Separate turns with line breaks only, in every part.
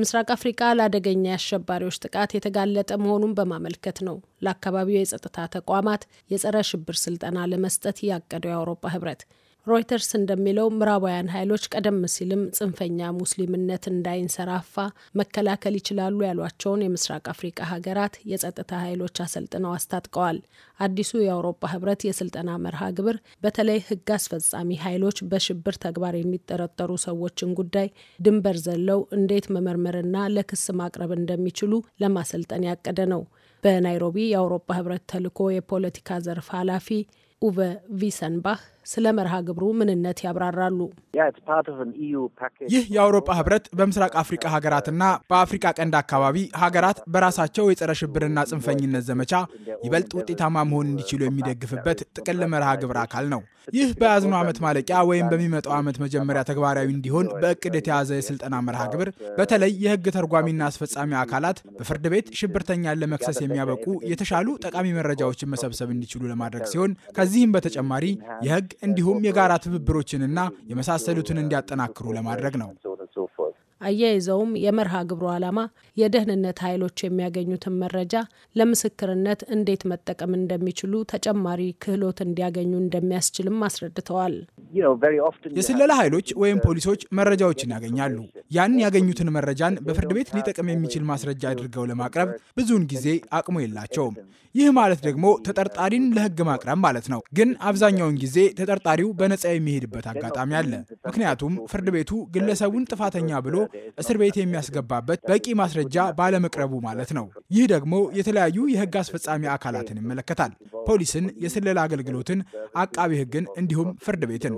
ምስራቅ አፍሪቃ ለአደገኛ የአሸባሪዎች ጥቃት የተጋለጠ መሆኑን በማመልከት ነው ለአካባቢው የጸጥታ ተቋማት የጸረ ሽብር ስልጠና ለመስጠት ያቀደው የአውሮፓ ህብረት። ሮይተርስ እንደሚለው ምዕራባውያን ኃይሎች ቀደም ሲልም ጽንፈኛ ሙስሊምነት እንዳይንሰራፋ መከላከል ይችላሉ ያሏቸውን የምስራቅ አፍሪቃ ሀገራት የጸጥታ ኃይሎች አሰልጥነው አስታጥቀዋል። አዲሱ የአውሮፓ ህብረት የስልጠና መርሃ ግብር በተለይ ህግ አስፈጻሚ ኃይሎች በሽብር ተግባር የሚጠረጠሩ ሰዎችን ጉዳይ ድንበር ዘለው እንዴት መመርመርና ለክስ ማቅረብ እንደሚችሉ ለማሰልጠን ያቀደ ነው። በናይሮቢ የአውሮፓ ህብረት ተልዕኮ የፖለቲካ ዘርፍ ኃላፊ ኡቨ ቪሰንባህ ስለ መርሃ ግብሩ ምንነት ያብራራሉ። e ይህ
የአውሮፓ ህብረት በምስራቅ አፍሪካ ሀገራትና በአፍሪካ ቀንድ አካባቢ ሀገራት በራሳቸው የጸረ ሽብርና ጽንፈኝነት ዘመቻ ይበልጥ ውጤታማ መሆን እንዲችሉ የሚደግፍበት ጥቅል መርሃ ግብር አካል ነው። ይህ በያዝነው ዓመት ማለቂያ ወይም በሚመጣው ዓመት መጀመሪያ ተግባራዊ እንዲሆን በእቅድ የተያዘ የስልጠና መርሃ ግብር በተለይ የህግ ተርጓሚና አስፈጻሚ አካላት በፍርድ ቤት ሽብርተኛን ለመክሰስ የሚያበቁ የተሻሉ ጠቃሚ መረጃዎችን መሰብሰብ እንዲችሉ ለማድረግ ሲሆን ከዚህም በተጨማሪ የህግ እንዲሁም የጋራ ትብብሮችንና የመሳሰሉትን እንዲያጠናክሩ ለማድረግ ነው።
አያይዘውም የመርሃ ግብሩ ዓላማ የደህንነት ኃይሎች የሚያገኙትን መረጃ ለምስክርነት እንዴት መጠቀም እንደሚችሉ ተጨማሪ ክህሎት እንዲያገኙ እንደሚያስችልም አስረድተዋል።
የስለላ ኃይሎች ወይም uh, ፖሊሶች መረጃዎችን ያገኛሉ። ያን ያገኙትን መረጃን በፍርድ ቤት ሊጠቅም የሚችል ማስረጃ አድርገው ለማቅረብ ብዙውን ጊዜ አቅሙ የላቸውም። ይህ ማለት ደግሞ ተጠርጣሪን ለሕግ ማቅረብ ማለት ነው። ግን አብዛኛውን ጊዜ ተጠርጣሪው በነፃ የሚሄድበት አጋጣሚ አለ። ምክንያቱም ፍርድ ቤቱ ግለሰቡን ጥፋተኛ ብሎ እስር ቤት የሚያስገባበት በቂ ማስረጃ ባለመቅረቡ ማለት ነው። ይህ ደግሞ የተለያዩ የሕግ አስፈጻሚ አካላትን ይመለከታል። ፖሊስን፣ የስለላ አገልግሎትን፣ አቃቢ ህግን እንዲሁም ፍርድ ቤትን።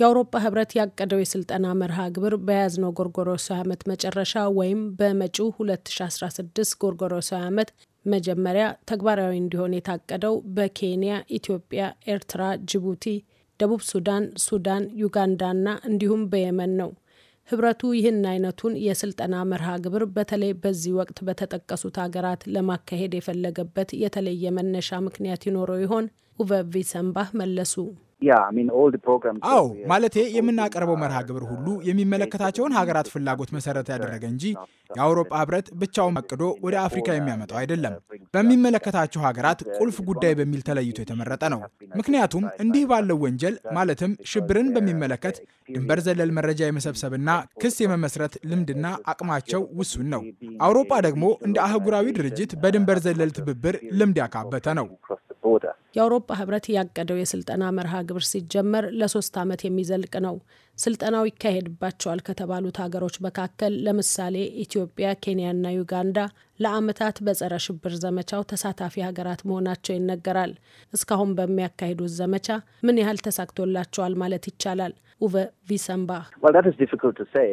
የአውሮፓ ህብረት ያቀደው የስልጠና መርሃ ግብር በያዝነው ጎርጎሮሳዊ ዓመት መጨረሻ ወይም በመጪው 2016 ጎርጎሮሳዊ ዓመት መጀመሪያ ተግባራዊ እንዲሆን የታቀደው በኬንያ፣ ኢትዮጵያ፣ ኤርትራ፣ ጅቡቲ፣ ደቡብ ሱዳን፣ ሱዳን፣ ዩጋንዳና እንዲሁም በየመን ነው። ህብረቱ ይህን አይነቱን የስልጠና መርሃ ግብር በተለይ በዚህ ወቅት በተጠቀሱት ሀገራት ለማካሄድ የፈለገበት የተለየ መነሻ ምክንያት ይኖረው ይሆን? ኡቨ መለሱ።
አዎ ማለቴ የምናቀርበው መርሃ ግብር ሁሉ የሚመለከታቸውን ሀገራት ፍላጎት መሰረት ያደረገ እንጂ የአውሮፓ ህብረት ብቻውን አቅዶ ወደ አፍሪካ የሚያመጣው አይደለም። በሚመለከታቸው ሀገራት ቁልፍ ጉዳይ በሚል ተለይቶ የተመረጠ ነው። ምክንያቱም እንዲህ ባለው ወንጀል ማለትም ሽብርን በሚመለከት ድንበር ዘለል መረጃ የመሰብሰብና ክስ የመመስረት ልምድና አቅማቸው ውሱን ነው። አውሮፓ ደግሞ እንደ አህጉራዊ ድርጅት በድንበር ዘለል ትብብር ልምድ ያካበተ ነው።
የአውሮፓ ህብረት ያቀደው የስልጠና መርሃ ግብር ሲጀመር ለሶስት ዓመት የሚዘልቅ ነው። ስልጠናው ይካሄድባቸዋል ከተባሉት ሀገሮች መካከል ለምሳሌ ኢትዮጵያ፣ ኬንያና ዩጋንዳ ለአመታት በጸረ ሽብር ዘመቻው ተሳታፊ ሀገራት መሆናቸው ይነገራል። እስካሁን በሚያካሂዱት ዘመቻ ምን ያህል ተሳክቶላቸዋል ማለት ይቻላል? ኡቨ ቪሰምባ፣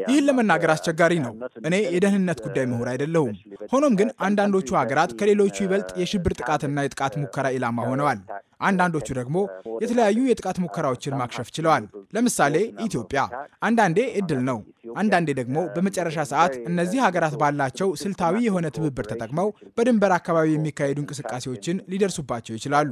ይህን ለመናገር አስቸጋሪ ነው። እኔ የደህንነት ጉዳይ ምሁር አይደለሁም። ሆኖም ግን አንዳንዶቹ ሀገራት ከሌሎቹ ይበልጥ የሽብር ጥቃትና የጥቃት ሙከራ ኢላማ ሆነዋል። አንዳንዶቹ ደግሞ የተለያዩ የጥቃት ሙከራዎችን ማክሸፍ ችለዋል። ለምሳሌ ኢትዮጵያ አንዳንዴ እድል ነው፣ አንዳንዴ ደግሞ በመጨረሻ ሰዓት እነዚህ ሀገራት ባላቸው ስልታዊ የሆነ ትብብር ተጠቅመው በድንበር አካባቢ የሚካሄዱ እንቅስቃሴዎችን ሊደርሱባቸው ይችላሉ።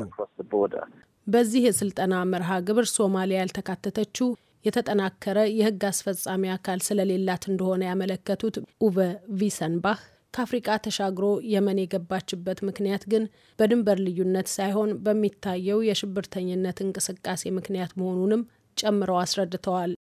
በዚህ የስልጠና መርሃ ግብር ሶማሊያ ያልተካተተችው የተጠናከረ የህግ አስፈጻሚ አካል ስለሌላት እንደሆነ ያመለከቱት ኡቨ ቪሰንባህ ከአፍሪቃ ተሻግሮ የመን የገባችበት ምክንያት ግን በድንበር ልዩነት ሳይሆን በሚታየው የሽብርተኝነት እንቅስቃሴ ምክንያት መሆኑንም ጨምረው አስረድተዋል።